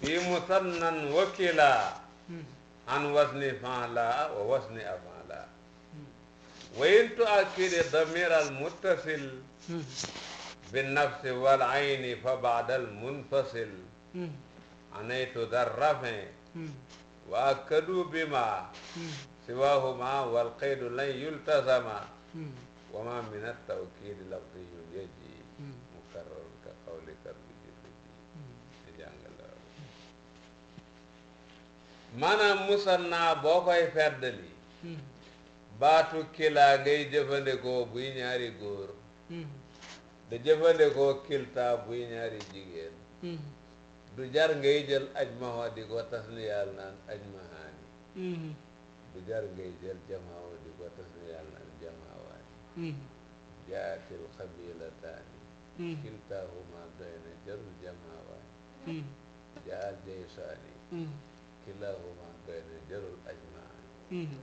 fi musannan wakila an wasni faala wa wasni afaala wa in tuakid damir al muttasil bi nafsi wal ayni fa baada al munfasil anaytu darrafe wa akkadu bima siwahuma wal qaydu lan yultasama wa ma min at tawkid lafdiyun yaji mukarrarun ka qawli karbi maanaam musanna boo koy feddali hmm. baatu kilaa ngay jëfandikoo buy ñaari góor hmm. da jëfandikoo kilta buy ñaari jigéen hmm. du jar ngay jël ajmaho di ko tasniyaal naan ajmahaani du jar ngay jël jamaawo di ko tasniyaal naan jamaawaani jaatil xabilataani kiltahuma doy na jarul jamaawaani jaal jaysaani kilaahuma doy na jërul ajmaan mhm.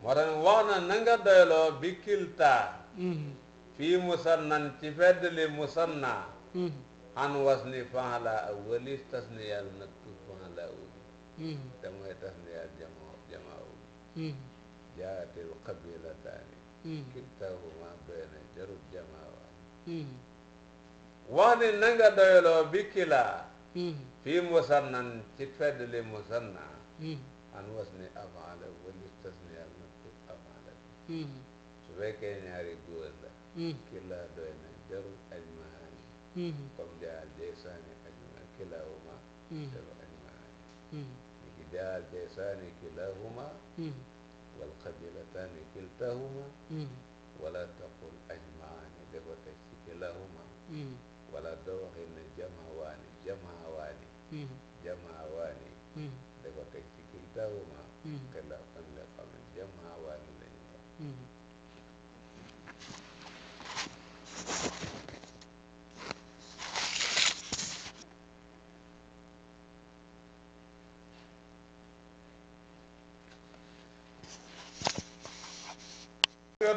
moo tax wax na na doyloo bi kiltaa mhm. fii musannan ci feddali musanna mhm. an wasni faala awwalis tasniyal naktub faala awwali te mooy tasniyal jamaa jamaa awwali qabilataani kiltaahuma doy na jamaa wax ni na doyloo bi kilaa Hmm. fii musannan ci feddli musanna hmm. an was ni avanla wali tas ni yàlla na tub avanla bi hmm. su fekkee ñaari góor la kilaa doy na jarul ajmaani comme jaal jay saani ajma kilaahuma jarul ajmaani ni ki jaal jay saani kilaahuma wal qabilataani kiltahuma wala taqul ajmaani dafa teg ci kilaahuma wala doo waxi ne jamawaani jamaawaani mm-hmm. jamaawaani da mm-hmm. ko teg ci kitaabu ma mm-hmm. te la fan la xam ne jamaawaani lañu wax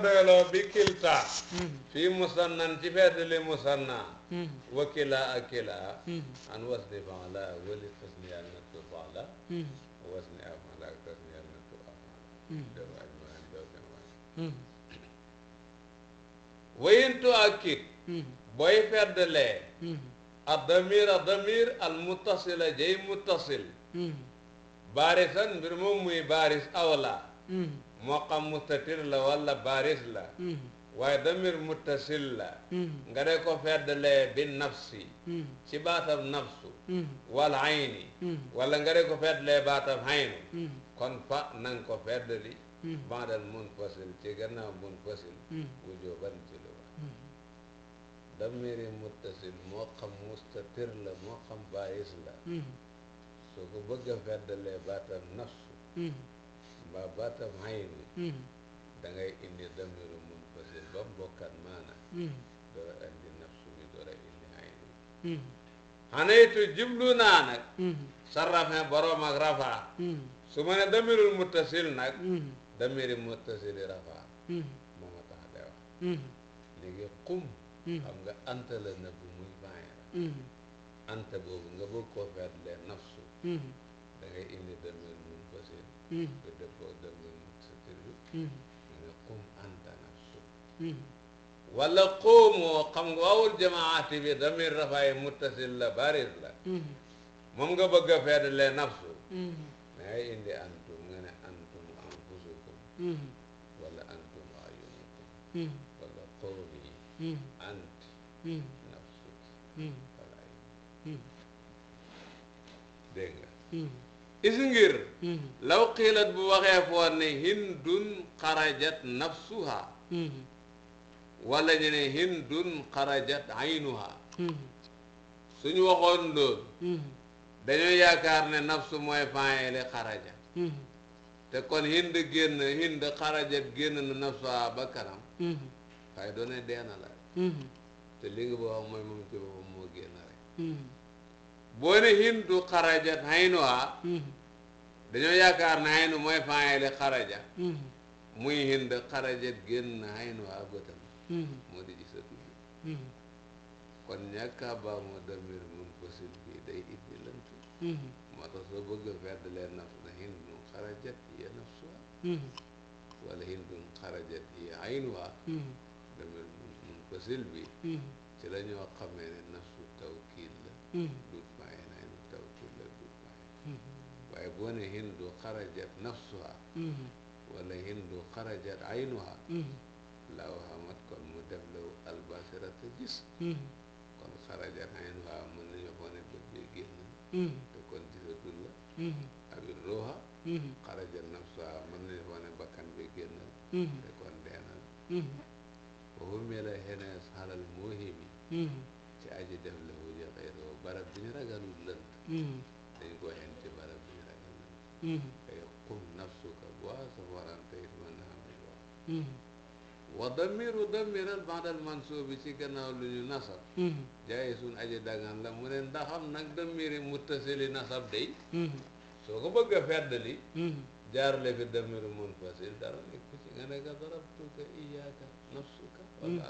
doyloo bi kilta fii musannan ci feddali musanna وكلا أكلا عن وزن فعلا ولقسم يالنت فعلا وزن أفعلا قسم يالنت أفعلا جمع أجمعين جو جمعين وإن تؤكد بوي فرد لي الضمير الضمير المتصل جاي متصل بارسا برمومي بارس أولا مقام مستتر لا ولا بارس لا waaye damir muttasil la mm-hmm. nga de ko feddalee bi nafsi mm-hmm. ci baatab nafsu mm-hmm. wal ayni wala nga de ko feddalee baatab aynu kon fa nang ko feddali baadal munfasil ci gannaaw munfasil wujuban ci lu ba damiri muttasil moo xam mustatir la moo xam baayis la soo ko bëgg a feddalee baatab nafsu mbaa baatab ayni da indi damiru لهم بوكان مانا دور أهل النفس دور إلي عيني حنيت جبلو نانك صرف بروم رفع سمنا دمير المتصل نك دمير المتصل رفع ماما تعالى léegi xum hmm. xam nga anta la nëbb muy bàyyira hmm. anta boobu nga bëgg koo feet nafsu hmm. da indi demel mun nga dëppoo demel mun nga ne xum anta Mm-hmm. wala xoomoo xam nga waawul jamaati bi damir rafaay muttasil la baris la mm-hmm. moom nga bëgg a feddle nafsu mm-hmm. mais indi antum nga ne antum anfusukum wala antum ayunukum wala qawli ant nafsuki wala ayun dégg nga is ngir law xiilat bu waxee foon ne hindun xarajat nafsuha wala ñu ne hindun xarajat aynuha hmm. suñu waxoon loolu hmm. dañoo yaakaar ne nafsu mooy faayele xaraja hmm. te kon hind génn hind xarajat génn na nafsa ba kanam waaye doone deena la te li nga ba wax mooy moom ci boppam moo génn rek boo ne hindu xarajat haynuha dañoo yaakaar ne haynu mooy faayele xaraja muy hind xarajat génn haynuha bëtam Mm-hmm. moo di gisatu bi mm-hmm. kon ñàkka a baamu damir mun fasil bi day indi lënt mm-hmm. moo tax soo bëgg a feddalee naf na hindun xarajat ya nafsuha wala hindun xarajat ya aynuha damir mun fasil bi ci la ñoo xamee ne nafsu tawkiil na aynu tawkiil la duut maay waaye boo ne hindu xarajat nafsuha wala hindu xarajat aynuha laa waxamat kon mu def la albasira te gis mm-hmm. kon xaraja xayn waa mën nañu waxoon ne bët bi génn mm-hmm. te kon gisatul la mm-hmm. abit ruuxa xaraja nafsa mën nañu waxoon ne bakkan bi génn te kon dee na la boobu mela xenees xalal muhimi ci aji def la wu xëy roo barab bi ñu ragalul lënt dañ ko xen ci barab bi ragal lënt kay xum nafsuka boo sa warante it mën naa am wax wa damiru damiral bandal mansuubi ci gannaaw lu ñu nasab mhm. jaay suñ aji dagan la mu ne ndaxam nag damiri muttasili nasab day mhm. soo ko bëgg a feddali mhm. jaarle fi damiru munfasil dara nekku ci nga ne ka darabtuka iyaaka nafsuka wala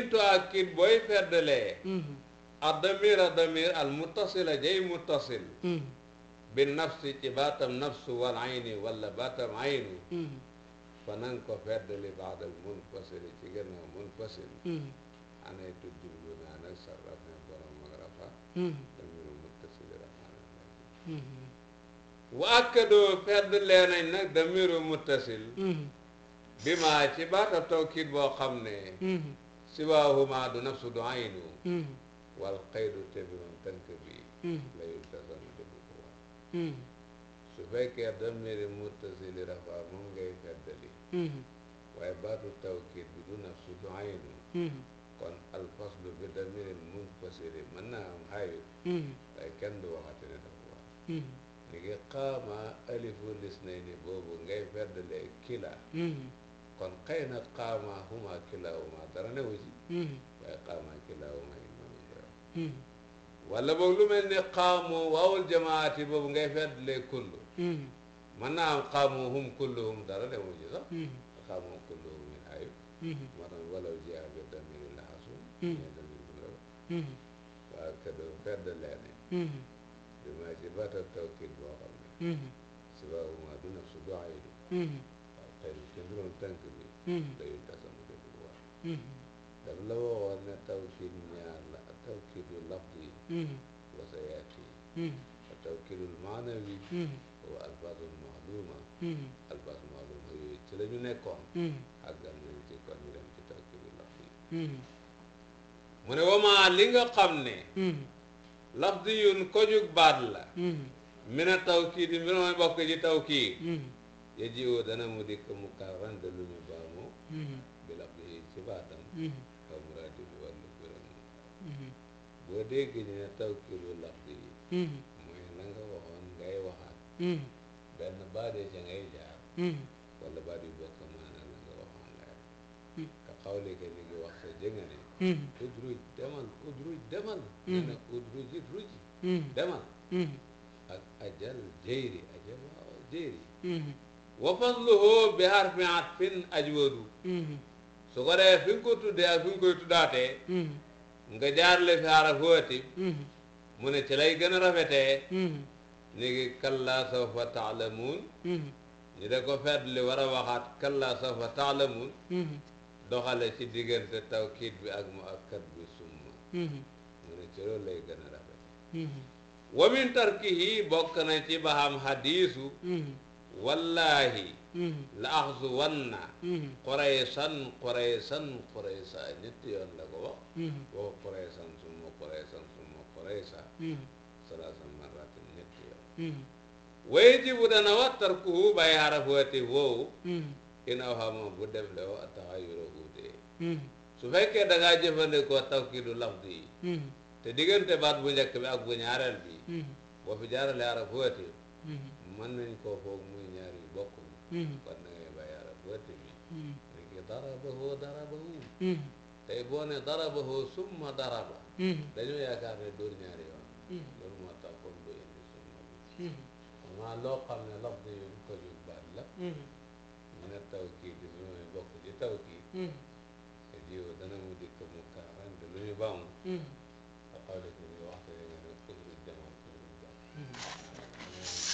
anta booy feddalee a damir damir al muttasila jay muttasil bi nafsi ci baatam nafsu wal ayni wala baatam ayni mm-hmm. fa nanga ko feddali baada mun fasili ci gannaaw mun fasili mm-hmm. anay tuddul lu naa nag sa rafe borom ak rafa damiru mm-hmm. muttasili rafaana wa akkadoo fedd lee nañ nag damiru muttasil bi maa ci baatam tawkiid boo xam ne siwaahuma du nafsu du aynu wal qaydu te bi moom tënk bii layul tasam su fekkee damiri muttasili rafa moom ngay feddali waaye baatu tawkiid bi du naf su du aynu kon alfaslu bi damirin munfasili mën naa am xayu waaye kenn du waxati ne dafa wax ni ngi qaama alifu lisnayni boobu ngay feddale kila kon xëy qaama huma kilahuma dara newu ci waaye qaama kilahuma imam wala boog lu mel ni xaamu waawul jamaati boobu ngay fetlee kullu hmm. mën naa am xaamu hum kulluhum dara demu ci sax hmm. xaamu hum kulluhum min ayib hmm. moo tax walaw jia bi damiri laxasu ñe damir bu ndaw waaw kaddu fedd leene bi ma si bata tawkil boo xam ne si baabuma du naf su doxayi du waaw xëy na bi dayu tasam dëgg bu baax daf la waxoon ne tawkiid ñaar la ak tawkiidu lafdi mm-hmm. wa sa yaati mm-hmm. ak tawkiidul maanawi mm-hmm. wa maaluma alfaas maaluma yooyu ci lañu ñu nekkoon àggal nañ ci kon ñu dem ci tawkiidu lafdi mu ne wamaa li nga xam ne lafdi yun kojug baat la mi na tawkiid yi mi na mooy bokk ci tawkiid ya jiwoo dana mu dikk mu kaaran de lu ñu baamu bi lafdi yi ci baatam boo dégg ñu ne tawkilu lafz yi hmm. mooy na nga waxoon ngay waxaat hmm. benn baade ca ngay jaar hmm. wala baat yu bokk maanaam la nga waxoon ngay ka xawle ke ni ngi wax sa jënga ne demal udruj demal ak ajal jayri ajal waaw jayri wa fasluhu bi harfi atfin ajwadu su ko dee fi nga ko tuddee ak fi nga koy tuddaatee nga jaarle fi arafooti mm-hmm. mu ne ci lay gën a rafetee mm-hmm. ni ngi kallaa sawfa taalamuun mm-hmm. ñu da ko fetli war a waxaat kallaa sawfa taalamuun doxale ci diggante tawkiit bi ak mu akkat bi summa mu ne ci loolu lay gën a rafetee wa min tarkihi bokk na ci baxam hadiisu wallaahi mm-hmm. la axsu wanna mm-hmm. quraysan quraysan quraysa ñetti yoon la ko wax mm-hmm. wa quraysan summa quraysan summa quraysa salaasa marratin ñetti yoon wayajibu dana wat tarkuhu bàyyi xaraf woowu in aw bu def le wo a taxayuro su fekkee da ngaa jëfandikoo tawkiidu lafdu yi te diggante baat bu njëkk bi ak bu ñaareel bi boo fi jaarale xaraf mën nañ koo foog muy ñaar bokk bokkul hmm. kon na ngay bàyyi hmm. arab ba timi léegi darabahoo darabahum hmm. tey summa daraba dañoo yaakaar ne dóor ñaari yoon loolu moo tax kon du indi summa bi maa loo xam ne laf ne ñu baat la mu ne tawkiid bi bokk ci tawkiid te jiw dana mu dikk mu kaaran te lu ñu baamu te xawle ko ñu waxte nga ne kufru